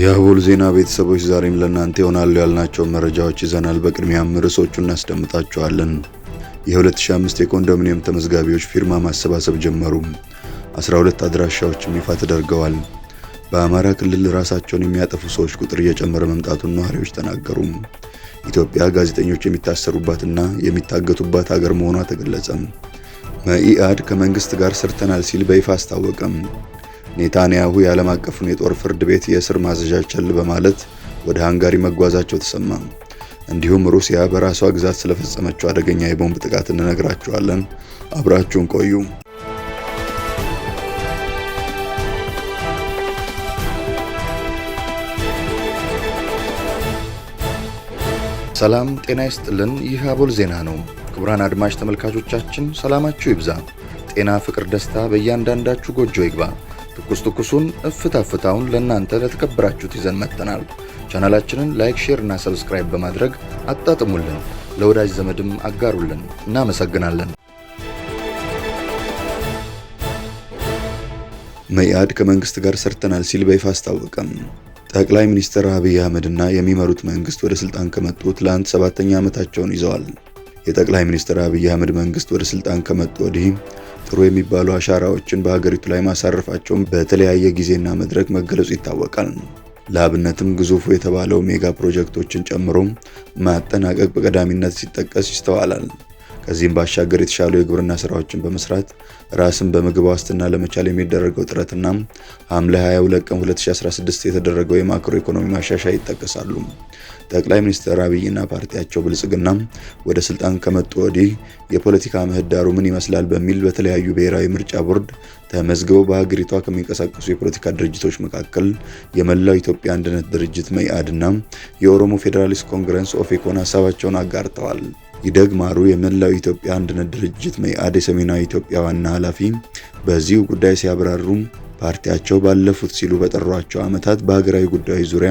የአቦል ዜና ቤተሰቦች ዛሬም ለእናንተ ይሆናሉ ያልናቸው መረጃዎች ይዘናል። በቅድሚያም ርዕሶቹ እናስደምጣቸዋለን። የ2005 የኮንዶሚኒየም ተመዝጋቢዎች ፊርማ ማሰባሰብ ጀመሩ። 12 አድራሻዎችም ይፋ ተደርገዋል። በአማራ ክልል ራሳቸውን የሚያጠፉ ሰዎች ቁጥር እየጨመረ መምጣቱን ነዋሪዎች ተናገሩ። ኢትዮጵያ ጋዜጠኞች የሚታሰሩባትና የሚታገቱባት ሀገር መሆኗ ተገለጸም። መኢአድ ከመንግስት ጋር ሰርተናል ሲል በይፋ አስታወቀም። ኔታንያሁ የዓለም አቀፉን የጦር ፍርድ ቤት የእስር ማዘዣ ቸል በማለት ወደ ሃንጋሪ መጓዛቸው ተሰማ። እንዲሁም ሩሲያ በራሷ ግዛት ስለፈጸመችው አደገኛ የቦምብ ጥቃት እንነግራችኋለን። አብራችሁን ቆዩ። ሰላም ጤና ይስጥልን። ይህ አቦል ዜና ነው። ክቡራን አድማጭ ተመልካቾቻችን ሰላማችሁ ይብዛ፣ ጤና፣ ፍቅር፣ ደስታ በእያንዳንዳችሁ ጎጆ ይግባ። ትኩስ ትኩሱን እፍታ ፍታውን ለእናንተ ለተከበራችሁት ይዘን መጥተናል። ቻናላችንን ላይክ፣ ሼር እና ሰብስክራይብ በማድረግ አጣጥሙልን፣ ለወዳጅ ዘመድም አጋሩልን። እናመሰግናለን። መኢአድ ከመንግስት ጋር ሰርተናል ሲል በይፋ አስታወቀም። ጠቅላይ ሚኒስትር አብይ አህመድ እና የሚመሩት መንግስት ወደ ስልጣን ከመጡ ትላንት ሰባተኛ ዓመታቸውን ይዘዋል። የጠቅላይ ሚኒስትር አብይ አህመድ መንግስት ወደ ስልጣን ከመጡ ወዲህ ጥሩ የሚባሉ አሻራዎችን በሀገሪቱ ላይ ማሳረፋቸውን በተለያየ ጊዜና መድረክ መገለጹ ይታወቃል። ለአብነትም ግዙፉ የተባለው ሜጋ ፕሮጀክቶችን ጨምሮ ማጠናቀቅ በቀዳሚነት ሲጠቀስ ይስተዋላል። ከዚህም ባሻገር የተሻሉ የግብርና ስራዎችን በመስራት ራስን በምግብ ዋስትና ለመቻል የሚደረገው ጥረትና ሐምሌ 22 ቀን 2016 የተደረገው የማክሮ ኢኮኖሚ ማሻሻያ ይጠቀሳሉ። ጠቅላይ ሚኒስትር አብይና ፓርቲያቸው ብልጽግና ወደ ስልጣን ከመጡ ወዲህ የፖለቲካ ምህዳሩ ምን ይመስላል በሚል በተለያዩ ብሔራዊ ምርጫ ቦርድ ተመዝግበው በሀገሪቷ ከሚንቀሳቀሱ የፖለቲካ ድርጅቶች መካከል የመላው ኢትዮጵያ አንድነት ድርጅት መኢአድና የኦሮሞ ፌዴራሊስት ኮንግረስ ኦፌኮን ሀሳባቸውን አጋርተዋል። ይደግማሩ የመላው ኢትዮጵያ አንድነት ድርጅት መኢአድ የሰሜናዊ ኢትዮጵያ ዋና ኃላፊ በዚሁ ጉዳይ ሲያብራሩም ፓርቲያቸው ባለፉት ሲሉ በጠሯቸው ዓመታት በሀገራዊ ጉዳዮች ዙሪያ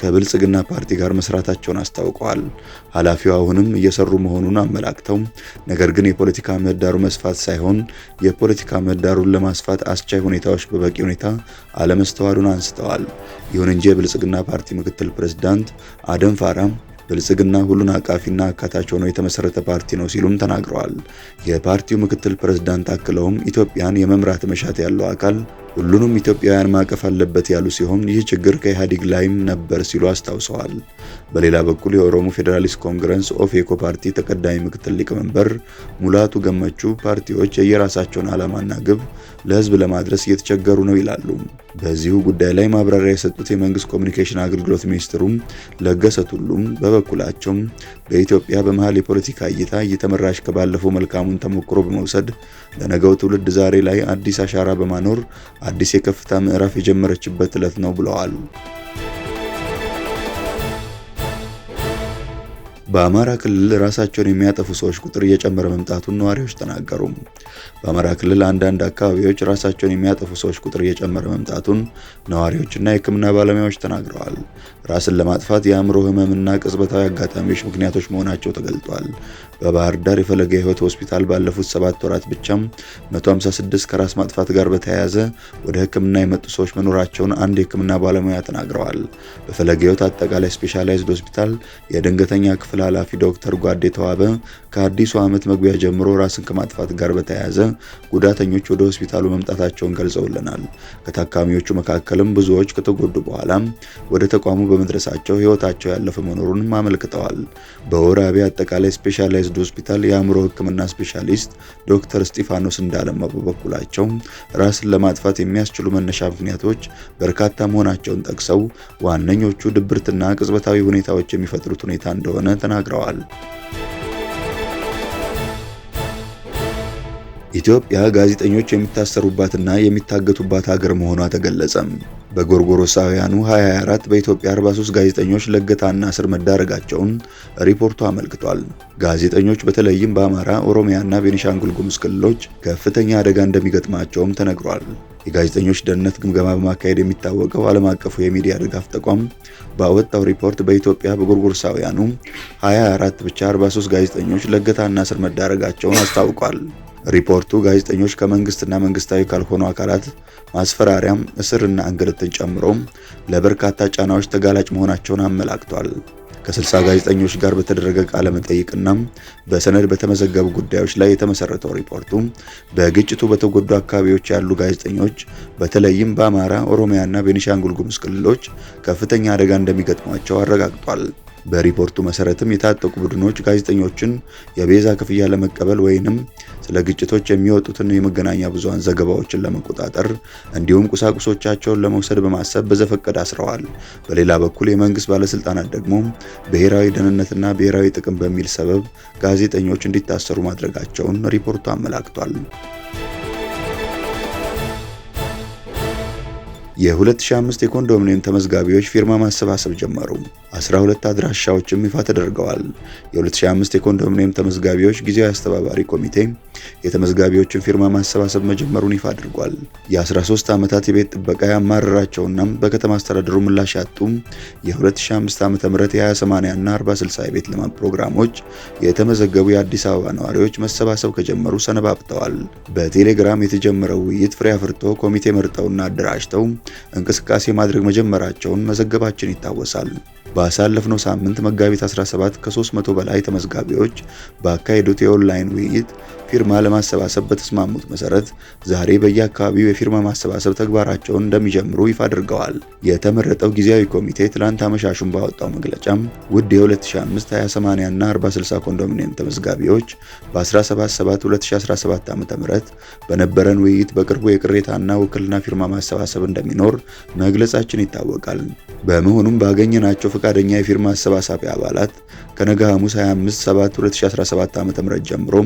ከብልጽግና ፓርቲ ጋር መስራታቸውን አስታውቀዋል። ኃላፊው አሁንም እየሰሩ መሆኑን አመላክተው ነገር ግን የፖለቲካ ምህዳሩ መስፋት ሳይሆን የፖለቲካ ምህዳሩን ለማስፋት አስቻይ ሁኔታዎች በበቂ ሁኔታ አለመስተዋሉን አንስተዋል። ይሁን እንጂ የብልጽግና ፓርቲ ምክትል ፕሬዝዳንት አደም ፋራም ብልጽግና ሁሉን አቃፊና አካታች ሆኖ የተመሰረተ ፓርቲ ነው ሲሉም ተናግረዋል። የፓርቲው ምክትል ፕሬዝዳንት አክለውም ኢትዮጵያን የመምራት መሻት ያለው አካል ሁሉንም ኢትዮጵያውያን ማቀፍ አለበት ያሉ ሲሆን ይህ ችግር ከኢህአዴግ ላይም ነበር ሲሉ አስታውሰዋል። በሌላ በኩል የኦሮሞ ፌዴራሊስት ኮንግረስ ኦፌኮ ፓርቲ ተቀዳሚ ምክትል ሊቀመንበር ሙላቱ ገመቹ ፓርቲዎች የየራሳቸውን ዓላማና ግብ ለህዝብ ለማድረስ እየተቸገሩ ነው ይላሉ። በዚሁ ጉዳይ ላይ ማብራሪያ የሰጡት የመንግስት ኮሚኒኬሽን አገልግሎት ሚኒስትሩም ለገሰ ቱሉም በበኩላቸው በኢትዮጵያ በመሀል የፖለቲካ እይታ እየተመራሽ ከባለፈው መልካሙን ተሞክሮ በመውሰድ ለነገው ትውልድ ዛሬ ላይ አዲስ አሻራ በማኖር አዲስ የከፍታ ምዕራፍ የጀመረችበት ዕለት ነው ብለዋል። በአማራ ክልል ራሳቸውን የሚያጠፉ ሰዎች ቁጥር እየጨመረ መምጣቱን ነዋሪዎች ተናገሩ። በአማራ ክልል አንዳንድ አካባቢዎች ራሳቸውን የሚያጠፉ ሰዎች ቁጥር እየጨመረ መምጣቱን ነዋሪዎችና የሕክምና ባለሙያዎች ተናግረዋል። ራስን ለማጥፋት የአእምሮ ህመምና ቅጽበታዊ አጋጣሚዎች ምክንያቶች መሆናቸው ተገልጧል። በባህር ዳር የፈለገ ህይወት ሆስፒታል ባለፉት ሰባት ወራት ብቻም 156 ከራስ ማጥፋት ጋር በተያያዘ ወደ ሕክምና የመጡ ሰዎች መኖራቸውን አንድ የሕክምና ባለሙያ ተናግረዋል። በፈለገ ህይወት አጠቃላይ ስፔሻላይዝድ ሆስፒታል የድንገተኛ ክፍል ክፍል ኃላፊ ዶክተር ጓዴ ተዋበ ከአዲሱ ዓመት መግቢያ ጀምሮ ራስን ከማጥፋት ጋር በተያያዘ ጉዳተኞች ወደ ሆስፒታሉ መምጣታቸውን ገልጸውልናል። ከታካሚዎቹ መካከልም ብዙዎች ከተጎዱ በኋላ ወደ ተቋሙ በመድረሳቸው ሕይወታቸው ያለፈ መኖሩንም አመልክተዋል። በወራቤ አጠቃላይ ስፔሻላይዝድ ሆስፒታል የአእምሮ ሕክምና ስፔሻሊስት ዶክተር እስጢፋኖስ እንዳለማው በበኩላቸው ራስን ለማጥፋት የሚያስችሉ መነሻ ምክንያቶች በርካታ መሆናቸውን ጠቅሰው ዋነኞቹ ድብርትና ቅጽበታዊ ሁኔታዎች የሚፈጥሩት ሁኔታ እንደሆነ ተናግረዋል። ኢትዮጵያ ጋዜጠኞች የሚታሰሩባትና የሚታገቱባት ሀገር መሆኗ ተገለጸም። በጎርጎሮሳውያኑ 2024 በኢትዮጵያ 43 ጋዜጠኞች ለእገታና እስር መዳረጋቸውን ሪፖርቱ አመልክቷል። ጋዜጠኞች በተለይም በአማራ፣ ኦሮሚያና ቤኒሻንጉል ጉሙዝ ክልሎች ከፍተኛ አደጋ እንደሚገጥማቸውም ተነግሯል። የጋዜጠኞች ደህንነት ግምገማ በማካሄድ የሚታወቀው ዓለም አቀፉ የሚዲያ ድጋፍ ተቋም ባወጣው ሪፖርት በኢትዮጵያ በጎርጎርሳውያኑ 24 ብቻ 43 ጋዜጠኞች ለእገታና እስር መዳረጋቸውን አስታውቋል። ሪፖርቱ ጋዜጠኞች ከመንግስትና መንግስታዊ ካልሆኑ አካላት ማስፈራሪያም፣ እስርና እንግልትን ጨምሮ ለበርካታ ጫናዎች ተጋላጭ መሆናቸውን አመላክቷል። ከ60 ጋዜጠኞች ጋር በተደረገ ቃለ መጠይቅና በሰነድ በተመዘገቡ ጉዳዮች ላይ የተመሰረተው ሪፖርቱ በግጭቱ በተጎዱ አካባቢዎች ያሉ ጋዜጠኞች በተለይም በአማራ፣ ኦሮሚያና ቤኒሻንጉል ጉሙዝ ክልሎች ከፍተኛ አደጋ እንደሚገጥሟቸው አረጋግጧል። በሪፖርቱ መሰረትም የታጠቁ ቡድኖች ጋዜጠኞችን የቤዛ ክፍያ ለመቀበል ወይንም ስለ ግጭቶች የሚወጡትን የመገናኛ ብዙሃን ዘገባዎችን ለመቆጣጠር እንዲሁም ቁሳቁሶቻቸውን ለመውሰድ በማሰብ በዘፈቀድ አስረዋል። በሌላ በኩል የመንግስት ባለስልጣናት ደግሞ ብሔራዊ ደህንነትና ብሔራዊ ጥቅም በሚል ሰበብ ጋዜጠኞች እንዲታሰሩ ማድረጋቸውን ሪፖርቱ አመላክቷል። የ2005 የኮንዶሚኒየም ተመዝጋቢዎች ፊርማ ማሰባሰብ ጀመሩ። 12 አድራሻዎችም ይፋ ተደርገዋል። የ2005 የኮንዶሚኒየም ተመዝጋቢዎች ጊዜያዊ አስተባባሪ ኮሚቴ የተመዝጋቢዎችን ፊርማ ማሰባሰብ መጀመሩን ይፋ አድርጓል። የ13 ዓመታት የቤት ጥበቃ ያማረራቸውና በከተማ አስተዳደሩ ምላሽ ያጡ የ2005 ዓ.ም የ20/80 እና 40/60 የቤት ልማት ፕሮግራሞች የተመዘገቡ የአዲስ አበባ ነዋሪዎች መሰባሰብ ከጀመሩ ሰነባብተዋል። በቴሌግራም የተጀመረው ውይይት ፍሬ አፍርቶ ኮሚቴ መርጠውና አደራጅተው እንቅስቃሴ ማድረግ መጀመራቸውን መዘገባችን ይታወሳል። ባሳለፍነው ሳምንት መጋቢት 17 ከ300 በላይ ተመዝጋቢዎች ባካሄዱት የኦንላይን ውይይት ፊርማ ለማሰባሰብ በተስማሙት መሰረት ዛሬ በየአካባቢው የፊርማ ማሰባሰብ ተግባራቸውን እንደሚጀምሩ ይፋ አድርገዋል። የተመረጠው ጊዜያዊ ኮሚቴ ትላንት አመሻሹን ባወጣው መግለጫም ውድ የ2005 2080 እና 46 ኮንዶሚኒየም ተመዝጋቢዎች በ1772017 ዓ.ም በነበረን ውይይት በቅርቡ የቅሬታና ውክልና ፊርማ ማሰባሰብ እንደሚኖር መግለጻችን ይታወቃል። በመሆኑም ባገኘናቸው ፈቃደኛ የፊርማ አሰባሳቢ አባላት ከነገ ሐሙስ 25 7 2017 ዓ.ም ጀምሮ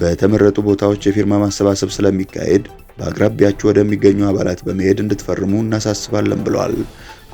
በተመረጡ ቦታዎች የፊርማ ማሰባሰብ ስለሚካሄድ በአቅራቢያችሁ ወደሚገኙ አባላት በመሄድ እንድትፈርሙ እናሳስባለን ብለዋል።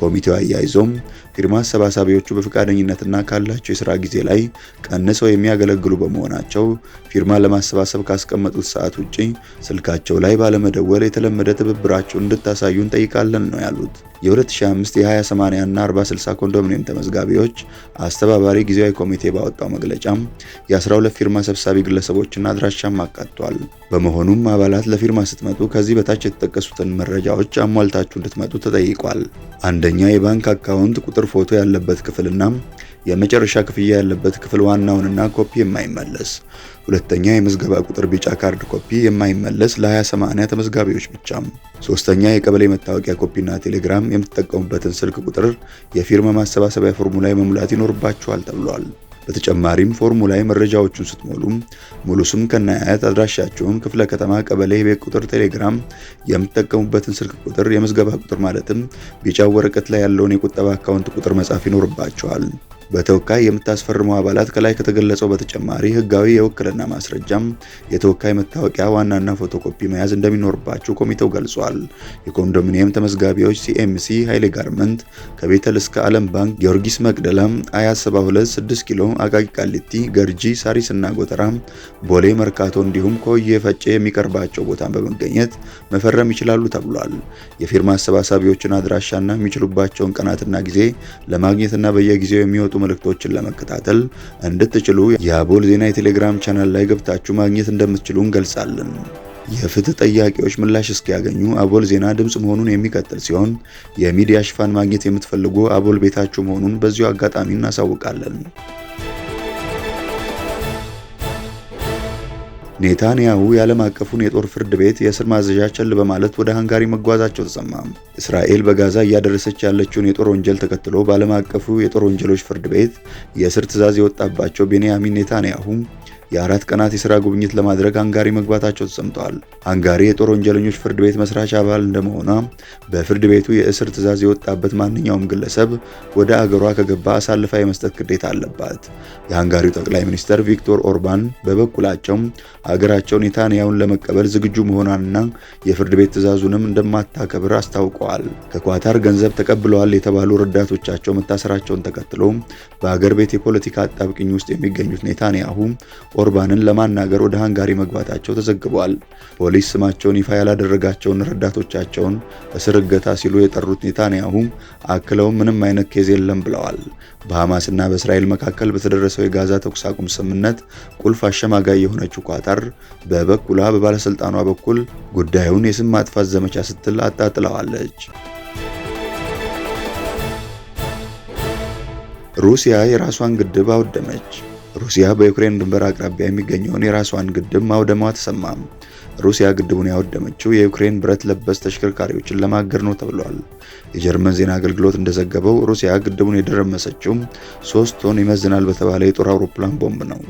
ኮሚቴው አያይዞም ፊርማ አሰባሳቢዎቹ በፈቃደኝነትና ካላቸው የስራ ጊዜ ላይ ቀንሰው የሚያገለግሉ በመሆናቸው ፊርማ ለማሰባሰብ ካስቀመጡት ሰዓት ውጪ ስልካቸው ላይ ባለመደወል የተለመደ ትብብራቸው እንድታሳዩ እንጠይቃለን ነው ያሉት። የ2005 20 እና 40 ኮንዶሚኒየም ተመዝጋቢዎች አስተባባሪ ጊዜያዊ ኮሚቴ ባወጣው መግለጫም የ12 ፊርማ ሰብሳቢ ግለሰቦችና አድራሻም አካቷል። በመሆኑም አባላት ለፊርማ ስትመጡ ከዚህ በታች የተጠቀሱትን መረጃዎች አሟልታችሁ እንድትመጡ ተጠይቋል። አንደኛ የባንክ አካውንት ቁጥር የዝውውር ፎቶ ያለበት ክፍልና የመጨረሻ ክፍያ ያለበት ክፍል ዋናውንና ኮፒ የማይመለስ ሁለተኛ የምዝገባ ቁጥር ቢጫ ካርድ ኮፒ የማይመለስ ለ20/80 ተመዝጋቢዎች ብቻ። ሶስተኛ የቀበሌ መታወቂያ ኮፒና ቴሌግራም የምትጠቀሙበትን ስልክ ቁጥር የፊርማ ማሰባሰቢያ ፎርሙላ መሙላት ይኖርባችኋል ተብሏል። በተጨማሪም ፎርሙ ላይ መረጃዎቹን ስትሞሉም ሙሉ ስም ከናያት አድራሻቸውን፣ ክፍለ ከተማ፣ ቀበሌ፣ የቤት ቁጥር፣ ቴሌግራም፣ የምትጠቀሙበትን ስልክ ቁጥር፣ የምዝገባ ቁጥር ማለትም ቢጫ ወረቀት ላይ ያለውን የቁጠባ አካውንት ቁጥር መጻፍ ይኖርባቸዋል። በተወካይ የምታስፈርሙ አባላት ከላይ ከተገለጸው በተጨማሪ ህጋዊ የውክልና ማስረጃም የተወካይ መታወቂያ ዋናና ፎቶኮፒ መያዝ እንደሚኖርባቸው ኮሚቴው ገልጿል። የኮንዶሚኒየም ተመዝጋቢዎች ሲኤምሲ ኃይሌ ጋርመንት ከቤተል እስከ ዓለም ባንክ፣ ጊዮርጊስ መቅደላ፣ አያ 72፣ 6 ኪሎ፣ አቃቂ ቃሊቲ፣ ገርጂ፣ ሳሪስ እና ጎተራ፣ ቦሌ መርካቶ እንዲሁም ከወየ ፈጬ የሚቀርባቸው ቦታን በመገኘት መፈረም ይችላሉ ተብሏል። የፊርማ አሰባሳቢዎችን አድራሻና የሚችሉባቸውን ቀናትና ጊዜ ለማግኘትና በየጊዜው የሚወጡ መልእክቶችን ለመከታተል እንድትችሉ የአቦል ዜና የቴሌግራም ቻናል ላይ ገብታችሁ ማግኘት እንደምትችሉ እንገልጻለን። የፍትህ ጠያቂዎች ምላሽ እስኪያገኙ አቦል ዜና ድምፅ መሆኑን የሚቀጥል ሲሆን የሚዲያ ሽፋን ማግኘት የምትፈልጉ አቦል ቤታችሁ መሆኑን በዚሁ አጋጣሚ እናሳውቃለን። ኔታንያሁ የዓለም አቀፉን የጦር ፍርድ ቤት የእስር ማዘዣ ቸል በማለት ወደ ሃንጋሪ መጓዛቸው ተሰማ። እስራኤል በጋዛ እያደረሰች ያለችውን የጦር ወንጀል ተከትሎ በዓለም አቀፉ የጦር ወንጀሎች ፍርድ ቤት የእስር ትዕዛዝ የወጣባቸው ቤንያሚን ኔታንያሁ የአራት ቀናት የስራ ጉብኝት ለማድረግ አንጋሪ መግባታቸው ተሰምተዋል። አንጋሪ የጦር ወንጀለኞች ፍርድ ቤት መስራች አባል እንደመሆኗ በፍርድ ቤቱ የእስር ትዕዛዝ የወጣበት ማንኛውም ግለሰብ ወደ አገሯ ከገባ አሳልፋ የመስጠት ግዴታ አለባት። የሃንጋሪው ጠቅላይ ሚኒስትር ቪክቶር ኦርባን በበኩላቸው አገራቸው ኔታንያሁን ለመቀበል ዝግጁ መሆኗንና የፍርድ ቤት ትዕዛዙንም እንደማታከብር አስታውቀዋል። ከኳታር ገንዘብ ተቀብለዋል የተባሉ ረዳቶቻቸው መታሰራቸውን ተከትሎ በአገር ቤት የፖለቲካ አጣብቅኝ ውስጥ የሚገኙት ኔታንያሁ ኦርባንን ለማናገር ወደ ሃንጋሪ መግባታቸው ተዘግቧል። ፖሊስ ስማቸውን ይፋ ያላደረጋቸውን ረዳቶቻቸውን እስር እገታ ሲሉ የጠሩት ኔታንያሁ አክለው ምንም አይነት ኬዝ የለም ብለዋል። በሐማስና በእስራኤል መካከል በተደረሰው የጋዛ ተኩስ አቁም ስምምነት ቁልፍ አሸማጋይ የሆነችው ኳታር በበኩሏ በባለስልጣኗ በኩል ጉዳዩን የስም ማጥፋት ዘመቻ ስትል አጣጥለዋለች። ሩሲያ የራሷን ግድብ አወደመች። ሩሲያ በዩክሬን ድንበር አቅራቢያ የሚገኘውን የራሷን ግድብ ማውደሟ ተሰማ። ሩሲያ ግድቡን ያወደመችው የዩክሬን ብረት ለበስ ተሽከርካሪዎችን ለማገድ ነው ተብሏል። የጀርመን ዜና አገልግሎት እንደዘገበው ሩሲያ ግድቡን የደረመሰችው ሶስት ቶን ይመዝናል በተባለ የጦር አውሮፕላን ቦምብ ነው።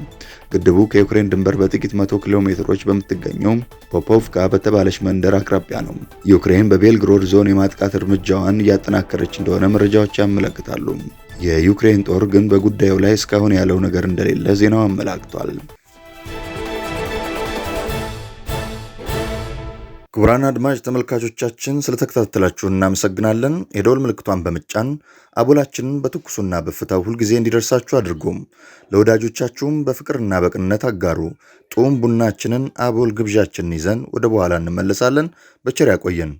ግድቡ ከዩክሬን ድንበር በጥቂት መቶ ኪሎ ሜትሮች በምትገኘው ፖፖቭካ በተባለች መንደር አቅራቢያ ነው። ዩክሬን በቤልግሮድ ዞን የማጥቃት እርምጃዋን እያጠናከረች እንደሆነ መረጃዎች ያመለክታሉ። የዩክሬን ጦር ግን በጉዳዩ ላይ እስካሁን ያለው ነገር እንደሌለ ዜናው አመላክቷል። ክቡራን አድማጭ ተመልካቾቻችን ስለተከታተላችሁ እናመሰግናለን። የደወል ምልክቷን በምጫን አቦላችንን በትኩሱና በፍታው ሁልጊዜ እንዲደርሳችሁ አድርጎም ለወዳጆቻችሁም በፍቅርና በቅንነት አጋሩ። ጡም ቡናችንን አቦል ግብዣችንን ይዘን ወደ በኋላ እንመለሳለን። በቸር ያቆየን።